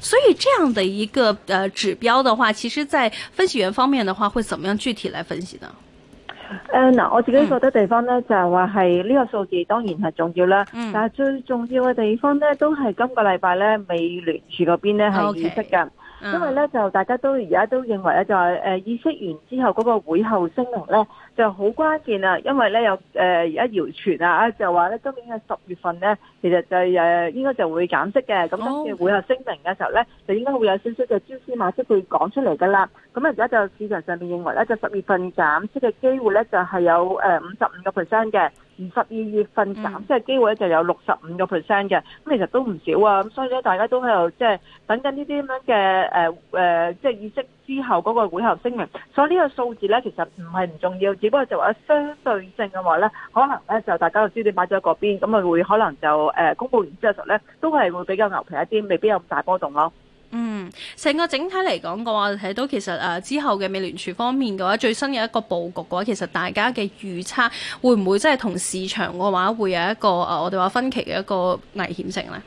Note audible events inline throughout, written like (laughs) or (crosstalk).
所以這樣的一個呃指標的話，其實在分析員方面的話，會怎麼樣具體來分析呢？誒，嗱，我自己覺得嘅地方咧、嗯、就係話係呢個數字當然係重要啦、嗯，但係最重要嘅地方呢都係今個禮拜咧美聯儲嗰邊咧係議息噶，okay, 因為咧、嗯、就大家都而家都認為咧就係誒議息完之後嗰個會後聲明呢就好關鍵啊，因為咧有而家、呃、謠傳啊，就話咧今年嘅十月份咧，其實就係誒、呃、應該就會減息嘅，咁跟住會有聲明嘅時候咧，就應該會有少少嘅蛛絲馬跡會講出嚟噶啦。咁而家就市場上面認為咧，就十月份減息嘅機會咧，就係、是、有誒五十五個 percent 嘅。二十二月份減息機會就有六十五個 percent 嘅，咁、嗯、其實都唔少啊，咁所以咧大家都喺度即係等緊呢啲咁樣嘅誒誒，即係議息之後嗰個會後聲明。所以呢個數字咧其實唔係唔重要，只不過就話相對性嘅話咧，可能咧就大家就知你擺咗嗰邊，咁咪會可能就誒公佈完之後咧都係會比較牛皮一啲，未必有咁大波動咯、啊。嗯，成個整體嚟講嘅話，睇到其實誒、啊、之後嘅美聯儲方面嘅話，最新嘅一個佈局嘅話，其實大家嘅預測會唔會真係同市場嘅話會有一個誒、啊、我哋話分歧嘅一個危險性呢？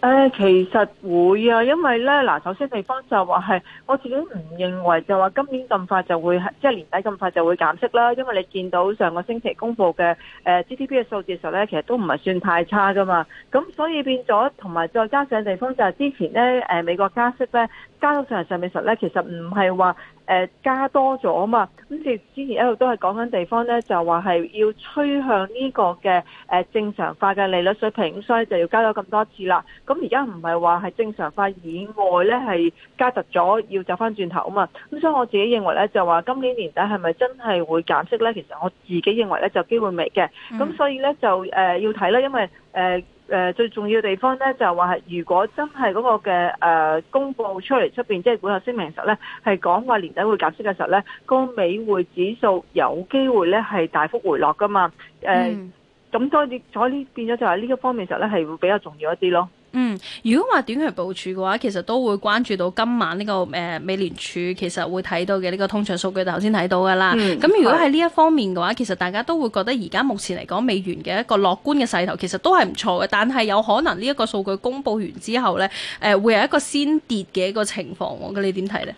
誒、哎，其實會啊，因為咧嗱，首先地方就話係，我自己唔認為就話今年咁快就會，即、就、係、是、年底咁快就會減息啦。因為你見到上個星期公布嘅誒 GDP 嘅數字時候咧，其實都唔係算太差噶嘛。咁所以變咗，同埋再加上地方就係之前咧，誒美國加息咧，加速上實上面實咧，其實唔係話。誒加多咗嘛？咁即之前一路都係講緊地方咧，就話係要趨向呢個嘅正常化嘅利率水平，所以就要加咗咁多次啦。咁而家唔係話係正常化以外咧，係加突咗要走翻轉頭啊嘛。咁所以我自己認為咧，就話今年年底係咪真係會減息咧？其實我自己認為咧，就機會未嘅。咁、嗯、所以咧就要睇啦，因為誒。呃誒、呃、最重要嘅地方咧，就係話係如果真係嗰、那個嘅誒、呃、公佈出嚟出邊，即係股額聲明嘅時候咧，係講話年底會減息嘅時候咧，個美匯指數有機會咧係大幅回落㗎嘛？誒、呃，咁、mm. 嗯嗯、所以你喺呢變咗就係呢個方面時候咧，係會比較重要一啲咯。嗯，如果話短期部署嘅話，其實都會關注到今晚呢、這個誒、呃、美聯儲其實會睇到嘅呢、這個通脹數據就才，頭先睇到噶啦。咁如果係呢一方面嘅話、嗯，其實大家都會覺得而家目前嚟講美元嘅一個樂觀嘅勢頭，其實都係唔錯嘅。但係有可能呢一個數據公布完之後呢，誒、呃、會有一個先跌嘅一個情況。我覺得你點睇呢？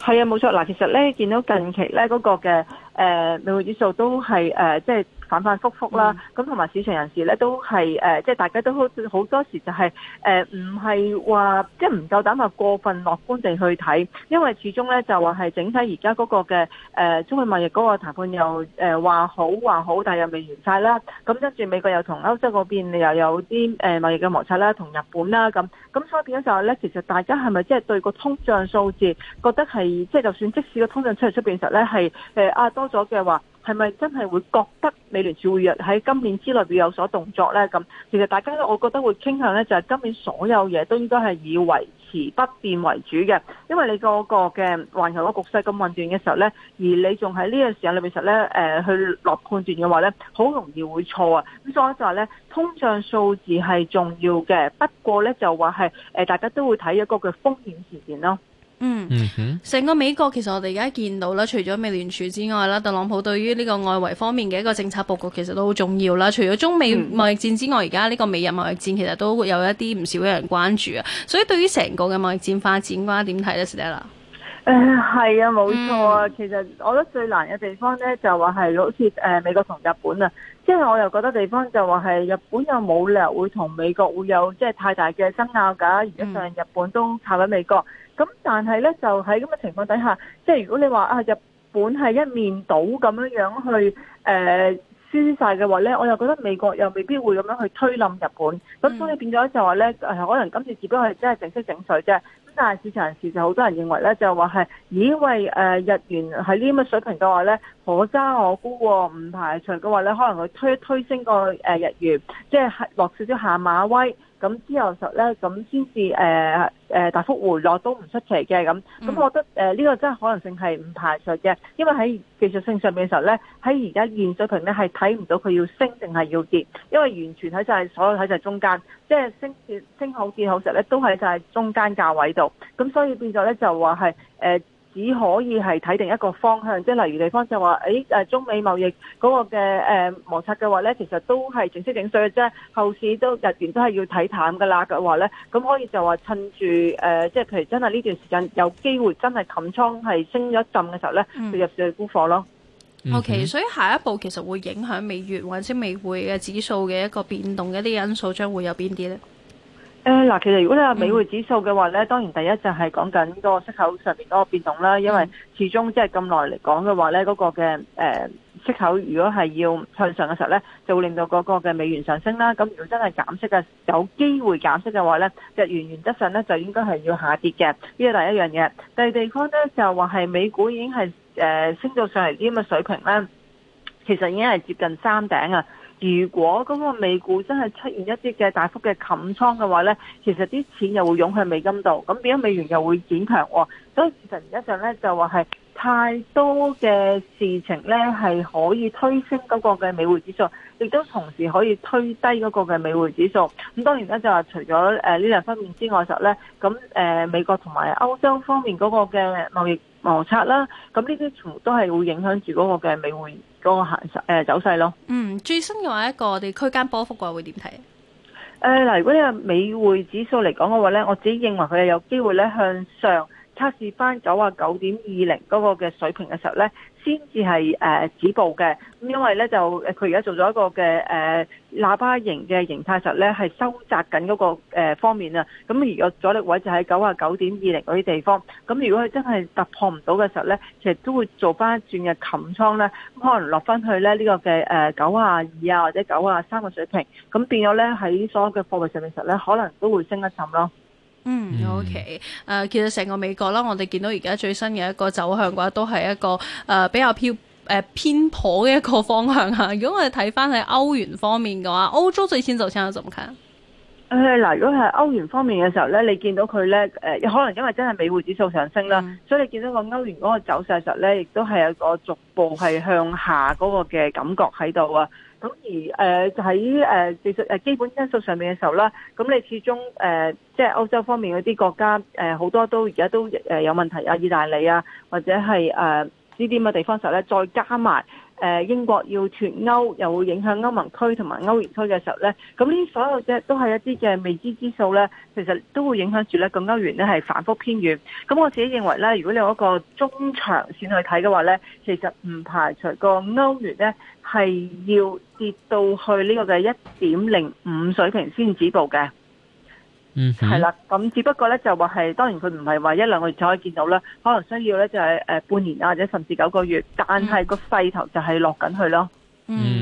係啊，冇錯嗱。其實呢，見到近期呢嗰個嘅誒美匯指數都係誒即係。呃就是反反覆覆啦，咁同埋市場人士咧都係誒，即係大家都好多時就係、是、誒，唔係話即係唔夠膽話過分樂觀地去睇，因為始終咧就話係整體而家嗰個嘅誒、呃、中美貿易嗰個談判又誒話好話好，但係又未完晒啦。咁跟住美國又同歐洲嗰邊又有啲誒貿易嘅摩擦啦，同日本啦咁。咁所以變咗就係咧，其實大家係咪即係對個通脹數字覺得係即係就算即使個通脹出嚟出邊時候咧係呃啊多咗嘅話？係咪真係會覺得美聯儲會若喺今年之內會有所動作呢？咁其實大家咧，我覺得會傾向呢，就係今年所有嘢都應該係以維持不變為主嘅，因為你嗰個嘅環球嘅局勢咁混亂嘅時候呢，而你仲喺呢個時間裏面實呢誒去落判斷嘅話呢，好容易會錯啊！咁所以就話呢，通脹數字係重要嘅，不過呢，就話係誒，大家都會睇一個嘅風險事件咯。嗯，成個美國其實我哋而家見到啦，除咗美聯儲之外啦，特朗普對於呢個外圍方面嘅一個政策佈局其實都好重要啦。除咗中美貿易戰之外，而家呢個美日貿易戰其實都會有一啲唔少嘅人關注啊。所以對於成個嘅貿易戰發展嘅話，點睇咧，Stella？誒係啊，冇錯啊。其實我覺得最難嘅地方咧，就話係好似誒美國同日本啊，即係我又覺得地方就話係日本又冇理由會同美國會有即係太大嘅爭拗架，而家上日本都靠緊美國。咁但係咧就喺咁嘅情況底下，即係如果你話啊日本係一面倒咁樣去誒輸曬嘅話咧，我又覺得美國又未必會咁樣去推冧日本。咁、嗯、所以變咗就話咧可能今次只不過係真係整色整水啫。咁但係市場人士就好多人認為咧就話係，咦？因為、呃、日元喺呢咁嘅水平嘅話咧，可揸我估，唔排除嘅話咧，可能佢推推升個日元，即係落少少下馬威。咁之後實咧，咁先至誒誒大幅回落都唔出奇嘅咁。咁我覺得誒呢、呃呢個真係可能性係唔排除嘅，因為喺技術性上面嘅時候咧，喺而家現水平咧係睇唔到佢要升定係要跌，因為完全喺就係、是、所有喺就係中間，即、就、係、是、升跌升好跌好時候咧都喺就係中間價位度。咁所以變咗咧就話係誒。呃只可以係睇定一個方向，即係例如地方就話，誒中美貿易嗰個嘅誒摩擦嘅話咧，其實都係整色整水嘅啫，後市都日元都係要睇淡噶啦嘅話咧，咁可以就話趁住誒，即係其實真係呢段時間有機會真係冚倉係升咗一陣嘅時候咧、嗯，去入市沽貨咯。O、okay, K，所以下一步其實會影響美元或者美匯嘅指數嘅一個變動嘅一啲因素，將會有邊啲咧？誒，嗱，其實如果你話美匯指數嘅話咧，當然第一就係講緊個息口上邊嗰個變動啦，因為始終即係咁耐嚟講嘅話咧，嗰、嗰個嘅誒息口如果係要向上嘅時候咧，就會令到嗰個嘅美元上升啦。咁如果真係減息嘅，有機會減息嘅話咧，日元原則上咧就應該係要下跌嘅。呢個第一樣嘢，第二地方咧就話係美股已經係誒升到上嚟啲咁嘅水平啦，其實已經係接近三頂啊。如果嗰個美股真係出現一啲嘅大幅嘅冚倉嘅話呢，其實啲錢又會湧向美金度，咁變咗美元又會轉強喎。所以實際上呢，就話係太多嘅事情呢，係可以推升嗰個嘅美匯指數，亦都同時可以推低嗰個嘅美匯指數。咁當然咧就話除咗呢兩方面之外，就呢，咁美國同埋歐洲方面嗰個嘅貿易。摩擦啦，咁呢啲全部都係會影響住嗰個嘅美匯嗰個行勢走勢咯。嗯，最新嘅話一個我哋區間波幅嘅話會點睇？誒、呃、嗱，如果你話美匯指數嚟講嘅話咧，我自己認為佢係有機會咧向上。測試翻九啊九點二零嗰個嘅水平嘅時候咧，先至係誒止步嘅。咁因為咧就誒佢而家做咗一個嘅誒喇叭形嘅形態，時候咧係收窄緊嗰個誒方面啊。咁而個阻力位就喺九啊九點二零嗰啲地方。咁如果佢真係突破唔到嘅時候咧，其實都會做翻一轉嘅琴倉咧。咁可能落翻去咧呢個嘅誒九啊二啊或者九啊三個水平，咁變咗咧喺所有嘅貨幣上面時候咧，可能都會升一浸咯。嗯，嗯，OK，誒、呃，其實成個美國啦，我哋見到而家最新嘅一個走向嘅話，都係一個誒、呃、比較、呃、偏誒偏頗嘅一個方向吓。如果我哋睇返喺歐元方面嘅話，歐洲最先就升咗咁強。誒，嗱，如果係歐元方面嘅時候咧，你見到佢咧，誒，可能因為真係美匯指數上升啦、嗯，所以你見到個歐元嗰個走勢實咧，亦都係有個逐步係向下嗰個嘅感覺喺度啊。咁而誒喺誒技術誒基本因素上面嘅時候啦，咁你始終誒即係歐洲方面嗰啲國家誒好多都而家都誒有問題啊，意大利啊或者係誒呢啲咁嘅地方時候咧，再加埋，誒英國要脫歐，又會影響歐盟區同埋歐元區嘅時候咧，咁呢所有嘅都係一啲嘅未知之數咧，其實都會影響住咧個歐元咧係反覆偏軟。咁我自己認為咧，如果你有一個中長線去睇嘅話咧，其實唔排除個歐元咧係要跌到去呢個嘅一點零五水平先止步嘅。嗯，係啦，咁只不過咧，就話係，當然佢唔係話一兩個月就可以見到啦，可能需要咧就係誒半年啊，或者甚至九個月，但係個勢頭就係落緊去咯。嗯。嗯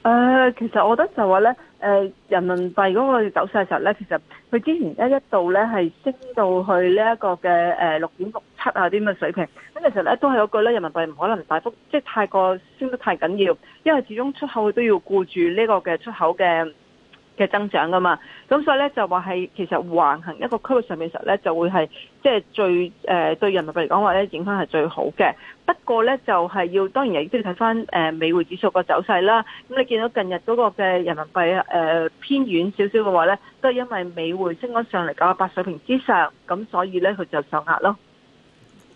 誒、呃，其實我覺得就話咧，誒、呃，人民幣嗰個走勢嘅時候咧，其實佢之前咧一度咧係升到去呢一個嘅誒六點六七啊啲咁嘅水平，咁其實咧都係嗰句咧，人民幣唔可能大幅即係、就是、太過升得太緊要，因為始終出口都要顧住呢個嘅出口嘅。嘅增長㗎嘛，咁所以咧就話係其實橫行一個區域上面嘅時候咧，就會係即係最誒、呃、對人民幣嚟講話咧影響係最好嘅。不過咧就係、是、要當然係都要睇返誒美匯指數個走勢啦。咁你見到近日嗰個嘅人民幣誒、呃、偏軟少少嘅話咧，都係因為美匯升咗上嚟九十八水平之上，咁所以咧佢就受壓咯。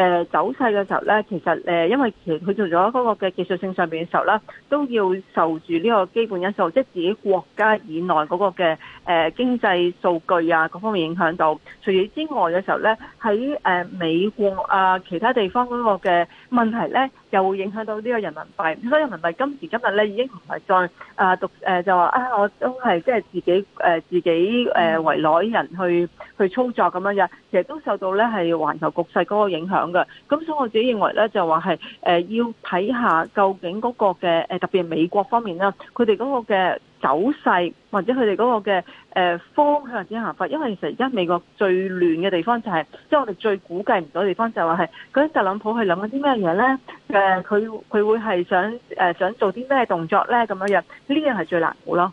誒走勢嘅時候咧，其實因為其佢做咗嗰個嘅技術性上面嘅時候呢，都要受住呢個基本因素，即係自己國家以內嗰個嘅誒經濟數據啊各方面影響到。除此之外嘅時候咧，喺誒美國啊其他地方嗰個嘅問題咧，又會影響到呢個人民幣。所以人民幣今時今日咧已經唔係再啊獨誒就話啊我都係即係自己、啊、自己誒、啊、為內人去去操作咁樣嘅，其實都受到咧係環球局勢嗰個影響。咁所以我自己認為咧，就話係誒要睇下究竟嗰個嘅誒、呃、特別美國方面啦，佢哋嗰個嘅走勢或者佢哋嗰個嘅誒、呃、方向點行法，因為其實而家美國最亂嘅地方就係、是，即、就、係、是、我哋最估計唔到嘅地方就話、是、係，嗰啲特朗普係諗緊啲咩嘢咧？誒、呃，佢佢會係想誒、呃、想做啲咩動作咧？咁樣樣呢樣係最難估咯。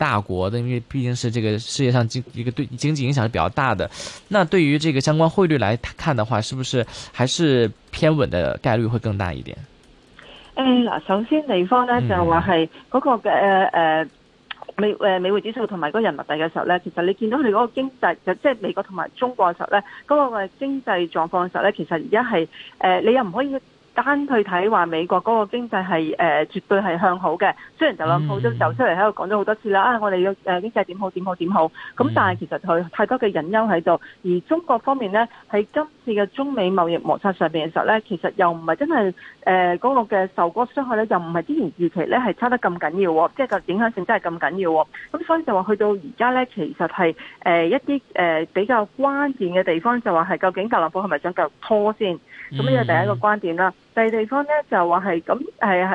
大國的因為畢竟是這個世界上經一個對經濟影響是比較大的，那對於這個相關匯率來看的話，是不是還是偏穩的概率會更大一點？誒，嗱，首先地方呢，嗯、就話係嗰個嘅誒、呃、美誒、呃、美匯指數同埋嗰個人民幣嘅時候呢，其實你見到佢嗰個經濟就即、是、係美國同埋中國嘅時候呢，嗰、那個嘅經濟狀況嘅時候呢，其實而家係誒你又唔可以。單去睇話美國嗰個經濟係誒、呃、絕對係向好嘅，雖然特朗普都走出嚟喺度講咗好多次啦、嗯嗯，啊我哋嘅經濟點好點好點好，咁、嗯嗯、但係其實佢太多嘅隱憂喺度，而中國方面咧喺今次嘅中美貿易摩擦上面嘅時候咧，其實又唔係真係誒嗰個嘅受過傷害咧，又唔係之前預期咧係差得咁緊要，即係個影響性真係咁緊要，咁、嗯、所以就話去到而家咧，其實係、呃、一啲誒、呃、比較關鍵嘅地方，就話係究竟特朗普係咪想繼續拖先？咁呢個第一個觀點啦，第二地方咧就話係咁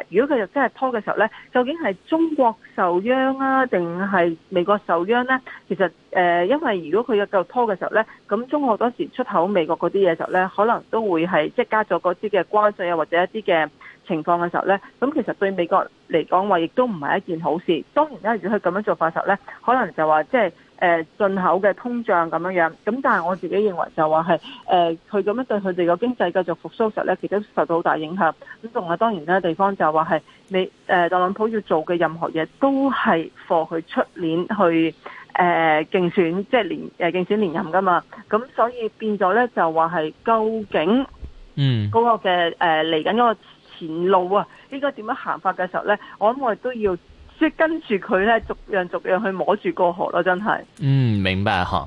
如果佢又真係拖嘅時候咧，究竟係中國受殃啊，定係美國受殃咧？其實誒、呃，因為如果佢又繼續拖嘅時候咧，咁中國當時出口美國嗰啲嘢時候咧，可能都會係即係加咗嗰啲嘅關稅啊，或者一啲嘅。情況嘅時候咧，咁其實對美國嚟講話，亦都唔係一件好事。當然啦，如果佢咁樣做法時候咧，可能就話即係誒進口嘅通脹咁樣樣。咁但係我自己認為就話係誒佢咁樣對佢哋個經濟繼續復甦時候咧，其實受到好大影響。咁同埋當然咧，地方就話、是、係美誒、呃、特朗普要做嘅任何嘢都係貨佢出年去誒競、呃、選，即係連競、呃、選連任噶嘛。咁所以變咗咧就話係究竟嗯嗰個嘅誒嚟緊嗰個。前路啊，應該點樣行法嘅時候咧，我諗我哋都要即係跟住佢咧，逐樣逐樣去摸住個河咯，真係。嗯，明白嗬。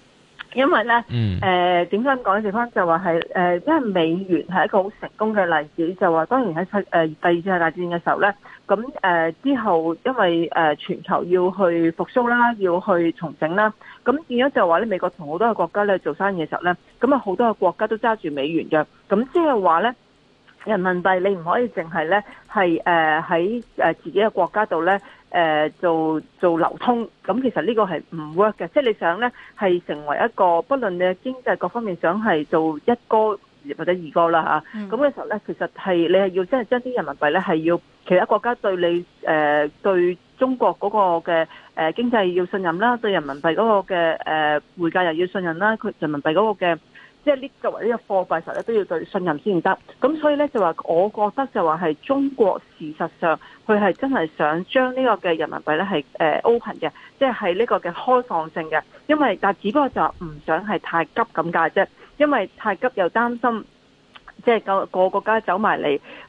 因為咧，誒、嗯，點解咁講咧？地方就話係，誒、呃，因為美元係一個好成功嘅例子，就話，當然喺世，誒、呃，第二次世界大戰嘅時候咧，咁，誒，之後因為，誒、呃，全球要去復甦啦，要去重整啦，咁變咗就話咧，美國同好多嘅國家咧做生意嘅時候咧，咁啊，好多嘅國家都揸住美元嘅，咁即係話咧，人民幣你唔可以淨係咧，係，誒、呃，喺，誒，自己嘅國家度咧。誒、呃、做做流通，咁其實呢個係唔 work 嘅，即、就、係、是、你想呢係成為一個，不論你經濟各方面想係做一哥或者二哥啦嚇，咁、嗯、嘅時候呢，其實係你係要真係將啲人民幣呢係要其他國家對你誒、呃、對中國嗰個嘅誒經濟要信任啦，對人民幣嗰個嘅誒匯價又要信任啦，佢人民幣嗰個嘅。即係呢作為呢個貨幣，實都要對信任先得。咁所以咧就話，我覺得就話係中國事實上佢係真係想將呢個嘅人民幣咧係 open 嘅，即係呢個嘅開放性嘅。因為但只不過就唔想係太急咁解啫，因為太急又擔心。即係個個國家走埋嚟、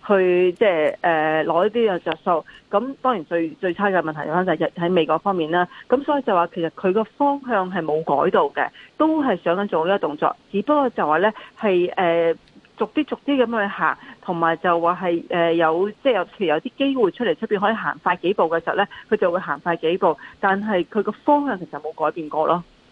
就是，去即係誒攞呢啲嘅着數。咁當然最最差嘅問題翻就係喺美國方面啦。咁所以就話其實佢個方向係冇改到嘅，都係想緊做呢個動作。只不過就話呢，係、呃、誒逐啲逐啲咁去行，同埋就話係誒有即係、就是、有譬如有啲機會出嚟出面可以行快幾步嘅時候呢，佢就會行快幾步。但係佢個方向其實冇改變過咯。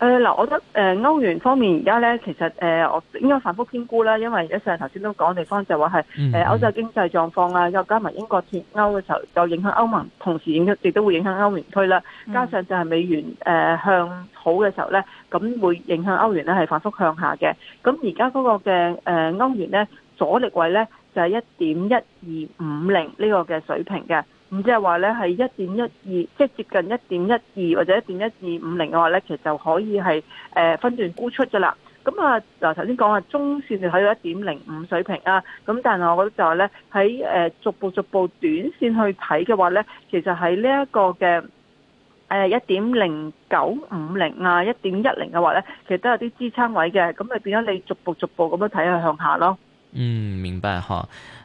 誒、呃、嗱，我覺得誒、呃、歐元方面而家咧，其實誒、呃、我應該反覆偏估啦，因為一上頭先都講地方就話係誒歐洲經濟狀況啊，又加埋英國脫歐嘅時候，又影響歐盟，同時影響亦都會影響歐元區啦。加上就係美元誒、呃、向好嘅時候咧，咁會影響歐元咧係反覆向下嘅。咁而家嗰個嘅誒歐元咧，阻力位咧就係一點一二五零呢個嘅水平嘅。咁即係話咧，係一點一二，即係接近一點一二或者一點一二五零嘅話咧，其實就可以係誒分段沽出嘅啦。咁啊，嗱頭先講話中線就睇到一點零五水平啊。咁但係我覺得就係咧，喺誒逐步逐步短線去睇嘅話咧，其實係呢一個嘅誒一點零九五零啊，一點一零嘅話咧，其實都有啲支撐位嘅。咁咪變咗你逐步逐步咁樣睇去向下咯。嗯，明白哈。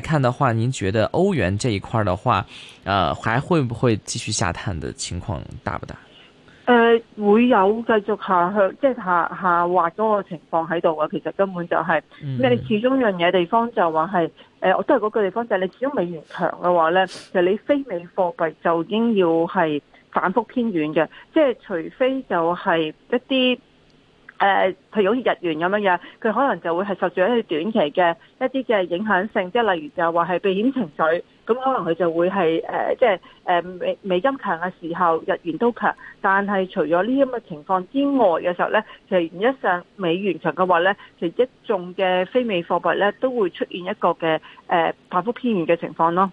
看的話，您覺得歐元這一塊的話，呃，還會不會繼續下探的情況大不大？誒、呃，會有繼續下向即係下下滑個情況喺度嘅。其實根本就係、是，咁、嗯、你始終樣嘢地方就話係，誒、呃，我都係嗰個地方就係你始終美元強嘅話咧，就你非美貨幣就應要係反覆偏軟嘅，即係除非就係一啲。誒，譬如好似日元咁樣嘅，佢可能就會係受住一啲短期嘅一啲嘅影響性，即係例如就係話係避險情緒，咁可能佢就會係誒，即係誒美美金強嘅時候，日元都強。但係除咗呢啲咁嘅情況之外嘅時候咧，其實原因上美元強嘅話咧，其實一眾嘅非美貨幣咧都會出現一個嘅誒大幅偏移嘅情況咯。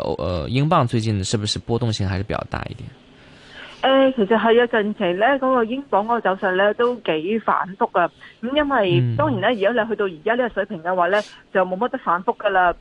英鎊最近是不是波動性還是比較大一點？呃、其實係啊，近期呢嗰、那個英鎊嗰個走勢呢都幾反覆啊。咁因為當然呢，如、嗯、果你去到而家呢個水平嘅話呢，就冇乜得反覆噶啦。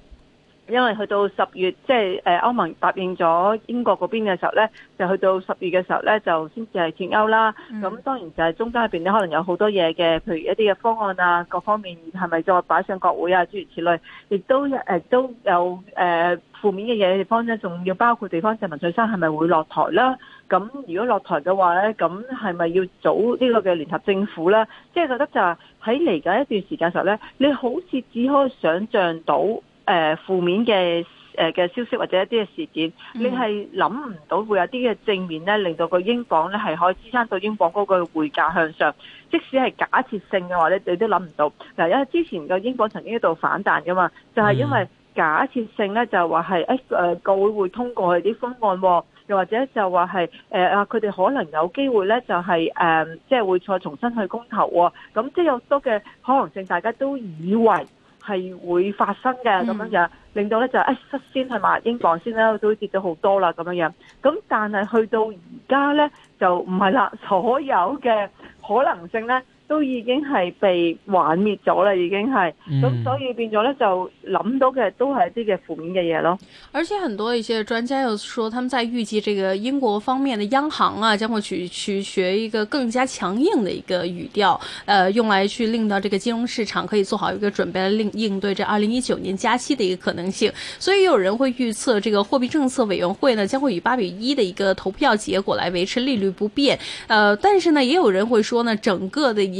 因為去到十月，即係誒，歐盟答應咗英國嗰邊嘅時候呢，就去到十月嘅時候呢，就先至係脱歐啦。咁、嗯、當然就係中間入邊呢，可能有好多嘢嘅，譬如一啲嘅方案啊，各方面係咪再擺上國會啊，諸如此類，亦都誒、呃、都有誒。呃負面嘅嘢地方咧，仲要包括地方文翠珊係咪會落台啦？咁如果落台嘅話咧，咁係咪要組呢個嘅聯合政府咧？即、就、係、是、覺得就係喺嚟緊一段時間時候咧，你好似只可以想像到誒、呃、負面嘅誒嘅消息或者一啲嘅事件，你係諗唔到會有啲嘅正面咧，令到個英鎊咧係可以支撐到英鎊嗰個匯價向上，即使係假設性嘅話咧，你都諗唔到嗱，因為之前個英鎊曾經一度反彈㗎嘛，就係、是、因為。假設性咧就話係誒，國、哎、會會通過佢啲方案、哦，又或者就話係誒啊，佢、呃、哋可能有機會咧，就係、是、誒，即、呃、係、就是、會再重新去公投喎、哦。咁即係有好多嘅可能性，大家都以為係會發生嘅咁樣樣、嗯，令到咧就誒、哎、率先係嘛，英鎊先啦都跌咗好多啦咁樣樣。咁但係去到而家咧就唔係啦，所有嘅可能性咧。都已經係被玩滅咗啦，已經係咁、嗯，所以變咗呢，就諗到嘅都係一啲嘅負面嘅嘢咯。而且很多一些專家又說，他們在預計這個英國方面的央行啊，將會去去學一個更加強硬嘅一個語調，呃，用來去令到這個金融市場可以做好一個準備，來應對這二零一九年加息嘅一個可能性。所以也有人會預測，這個貨幣政策委員會呢，將會以八比一嘅一個投票結果來維持利率不變。呃，但是呢，也有人會說呢，整個的一。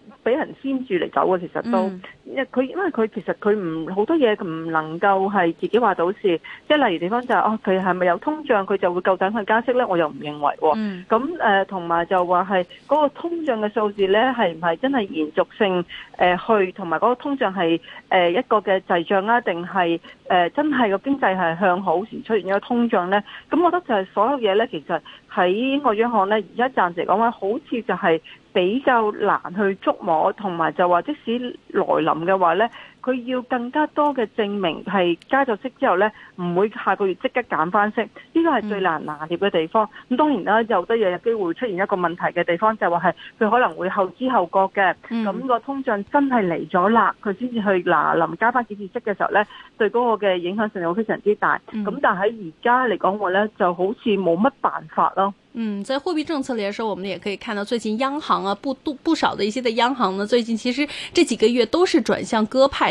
俾人牽住嚟走啊！其實都，嗯、因為佢其實佢唔好多嘢佢唔能夠係自己話到事，即係例如地方就係哦，佢係咪有通脹佢就會夠膽去加息咧？我又唔認為、哦。咁誒同埋就話係嗰個通脹嘅數字咧，係唔係真係延續性誒、呃、去？同埋嗰個通脹係誒、呃、一個嘅滯脹啦，定係誒真係個經濟係向好時出現咗通脹咧？咁我覺得就係所有嘢咧，其實喺外央行咧而家暫時講話，好似就係、是。比較難去捉摸，同埋就話即使來臨嘅話咧。佢要更加多嘅證明係加咗息之後咧，唔會下個月即刻減翻息，呢個係最難拿捏嘅地方。咁、嗯、當然啦，又都有機會出現一個問題嘅地方，就係話係佢可能會後知後覺嘅。咁、嗯，那個通脹真係嚟咗啦，佢先至去嗱臨加翻幾次息嘅時候咧，對嗰個嘅影響性又非常之大。咁、嗯、但喺而家嚟講話咧，就好似冇乜辦法咯。嗯，在貨幣政策嚟嘅時候，我哋也可以看到最近央行啊，不都不少的一些嘅央行呢，最近其實這幾個月都是轉向鴿派，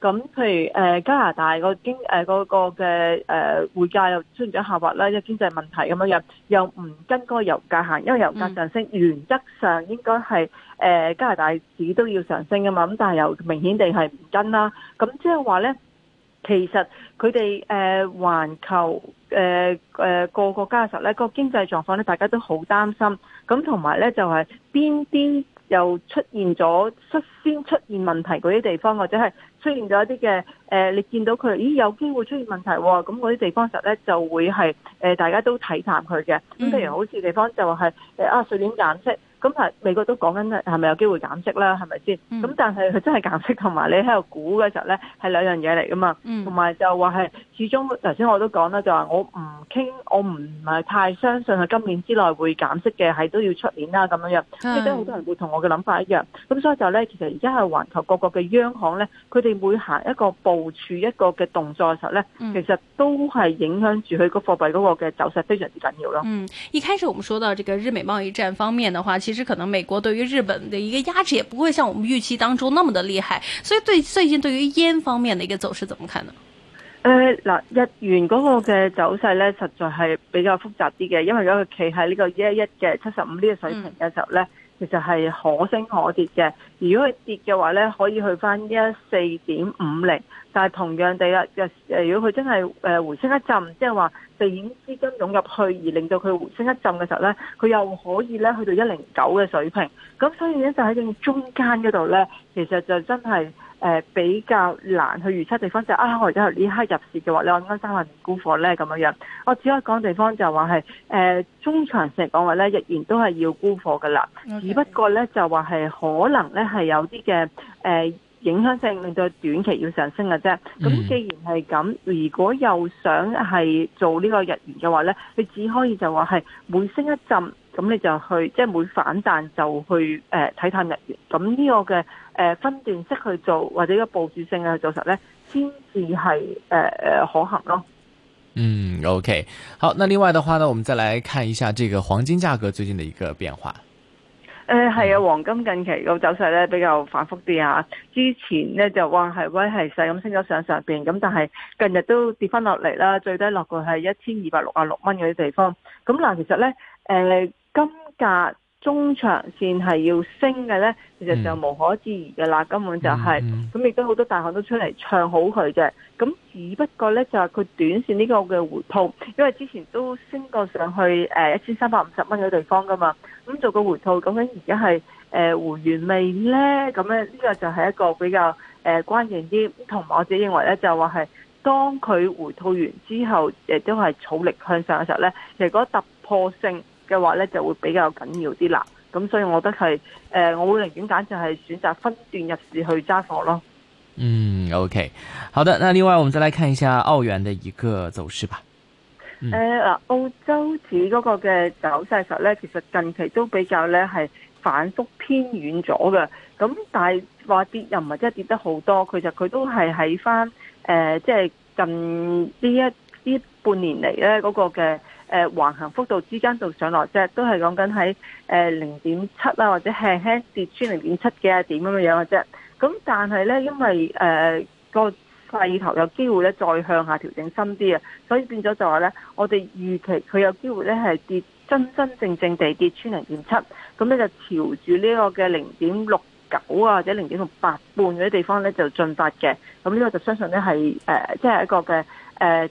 咁譬如加拿大個經誒嗰個嘅誒匯價又出現咗下滑啦，因經濟問題咁樣又又唔跟嗰個油價行，因為油價上升，嗯、原則上應該係誒加拿大自己都要上升㗎嘛，咁但係又明顯地係唔跟啦。咁即係話呢，其實佢哋誒環球誒誒個國家嘅時候咧，個經濟狀況呢，大家都好擔心。咁同埋呢就係、是、邊啲？又出現咗率先出現問題嗰啲地方，或者係出現咗一啲嘅、呃、你見到佢咦有機會出現問題喎，咁嗰啲地方實咧就會係、呃、大家都睇淡佢嘅。咁譬如好似地方就係、呃、啊，水點染色。咁係美國都講緊係咪有機會減息啦？係咪先？咁、嗯、但係佢真係減息同埋你喺度估嘅時候咧，係兩樣嘢嚟噶嘛。同、嗯、埋就話係始終頭先我都講啦，就話我唔傾，我唔係太相信係今年之內會減息嘅，係都要出年啦咁樣樣。即係好多人會同我嘅諗法一樣。咁、嗯、所以就咧，其實而家係環球各國嘅央行咧，佢哋每行一個部署一個嘅動作嘅時候咧、嗯，其實都係影響住佢個貨幣嗰個嘅走勢非常之緊要咯。嗯，一開始我們說到這個日美貿易戰方面嘅話。其實可能美國對於日本的一個壓制也不會像我們預期當中那麼的厲害，所以對最近對於煙方面的一個走勢怎麼看呢？誒、呃、嗱，日元嗰個嘅走勢咧，實在係比較複雜啲嘅，因為如果佢企喺呢個一一嘅七十五呢個水平嘅時候咧、嗯，其實係可升可跌嘅。如果佢跌嘅話咧，可以去翻一四點五零。但係同樣地啦，如果佢真係誒回升一浸，即係話避險資金湧入去而令到佢回升一浸嘅時候咧，佢又可以咧去到一零九嘅水平。咁所以咧就喺正中間嗰度咧，其實就真係誒比較難去預測地方就啊、是，我而家呢一刻入市嘅話，你揾翻三萬年沽貨咧，咁樣我只可以講地方就話係誒中長線講話咧，日元都係要沽貨㗎啦。嗯、okay。只不過咧就話係可能咧係有啲嘅誒。呃影響性令到短期要上升嘅啫，咁既然係咁，如果又想係做呢個日元嘅話咧，你只可以就話係每升一浸，咁你就去即係每反彈就去誒睇、呃、探日元，咁呢個嘅誒、呃、分段式去做或者個部署性嘅去做實咧，先至係誒誒可行咯。嗯，OK，好，那另外的話呢，我們再來看一下這個黃金價格最近的一個變化。誒係啊，黃金近期個走勢咧比較反覆啲啊。之前咧就話係威，係勢咁升咗上上邊，咁但係近日都跌翻落嚟啦，最低落去係一千二百六啊六蚊嗰啲地方。咁嗱、呃，其實咧，你、呃、金價。中長線係要升嘅呢，其實就無可置疑嘅啦、嗯。根本就係、嗯，咁亦都好多大行都出嚟唱好佢嘅。咁只不過呢，就係佢短線呢個嘅回吐，因為之前都升過上去誒一千三百五十蚊嘅地方噶嘛。咁做個回吐，咁樣而家係誒回完未呢？咁咧呢個就係一個比較誒關鍵啲，同埋我自己認為咧，就話係當佢回吐完之後，亦都係儲力向上嘅時候呢，其實嗰突破性嘅話咧就會比較緊要啲啦，咁所以我覺得係誒、呃，我會寧願揀就係選擇分段入市去揸貨咯。嗯，OK，好的。那另外，我們再來看一下澳元的一個走勢吧。誒、嗯、嗱、呃，澳洲紙嗰個嘅走勢時咧，其實近期都比較咧係反覆偏軟咗嘅。咁但係話跌又唔係真係跌得好多，其實佢都係喺翻誒，即係近呢一啲半年嚟咧嗰個嘅。誒、呃、橫行幅度之間度上落啫，都係講緊喺誒零點七啊，呃、或者輕輕跌穿零點七幾點咁樣樣嘅啫。咁但係咧，因為誒、呃那個勢頭有機會咧再向下調整深啲啊，所以變咗就話咧，我哋預期佢有機會咧係跌真真正正地跌穿零點七，咁咧就朝住呢個嘅零點六九啊，或者零點六八半嗰啲地方咧就進發嘅。咁呢個就相信咧係誒，即、呃、係、就是、一個嘅誒。呃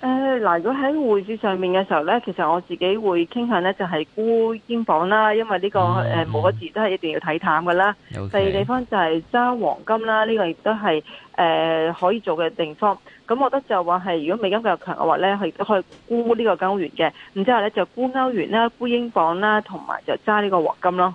誒，嗱，如果喺匯市上面嘅時候咧，其實我自己會傾向咧就係、是、沽英鎊啦，因為呢、這個誒每個字都係一定要睇淡嘅啦。Okay. 第二地方就係揸黃金啦，呢、這個亦都係誒可以做嘅地方。咁我覺得就話係如果美金比較強嘅話咧，去去沽這個公的呢個歐元嘅，然之後咧就是、沽歐元啦、沽英鎊啦，同埋就揸呢個黃金咯。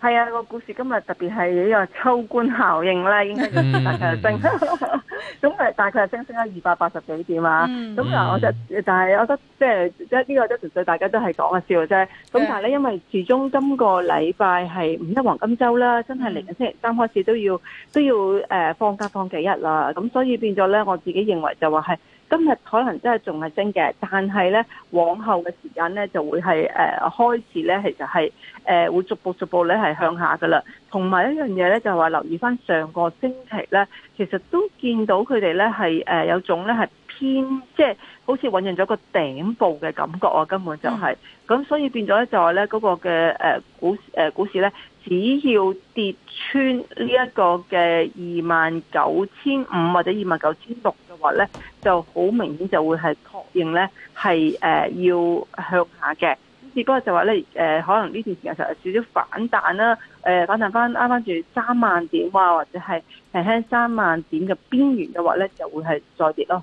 係啊，個股市今日特別係呢個秋官效應啦，應該都係升。咁 (laughs) 誒， (laughs) 大概係升升咗二百八十幾點啊。咁 (laughs) 嗱、嗯，嗯、我就、嗯、但係，我覺得即係呢個都純粹大家都係講下笑嘅啫。咁但係咧，因為始終今個禮拜係五一黃金週啦，真係嚟緊星期三開始都要 (laughs) 都要、呃、放假放幾日啦。咁所以變咗咧，我自己認為就話係。今日可能真係仲係升嘅，但係咧往後嘅時間咧就會係誒、呃、開始咧，其實係誒、呃、會逐步逐步咧係向下㗎喇。同埋一樣嘢咧，就係、是、話留意返上上個星期咧，其實都見到佢哋咧係誒有種咧係。即、就、係、是、好似隱現咗個頂部嘅感覺啊，根本就係咁、嗯，所以變咗咧就係咧嗰個嘅誒股誒股市咧，只要跌穿呢一個嘅二萬九千五或者二萬九千六嘅話咧，就好明顯就會係確認咧係誒要向下嘅。只不過就話咧可能呢段時間就係少少反彈啦、啊，反彈翻啱返住三萬點話、啊，或者係輕輕三萬點嘅邊緣嘅話咧，就會係再跌咯。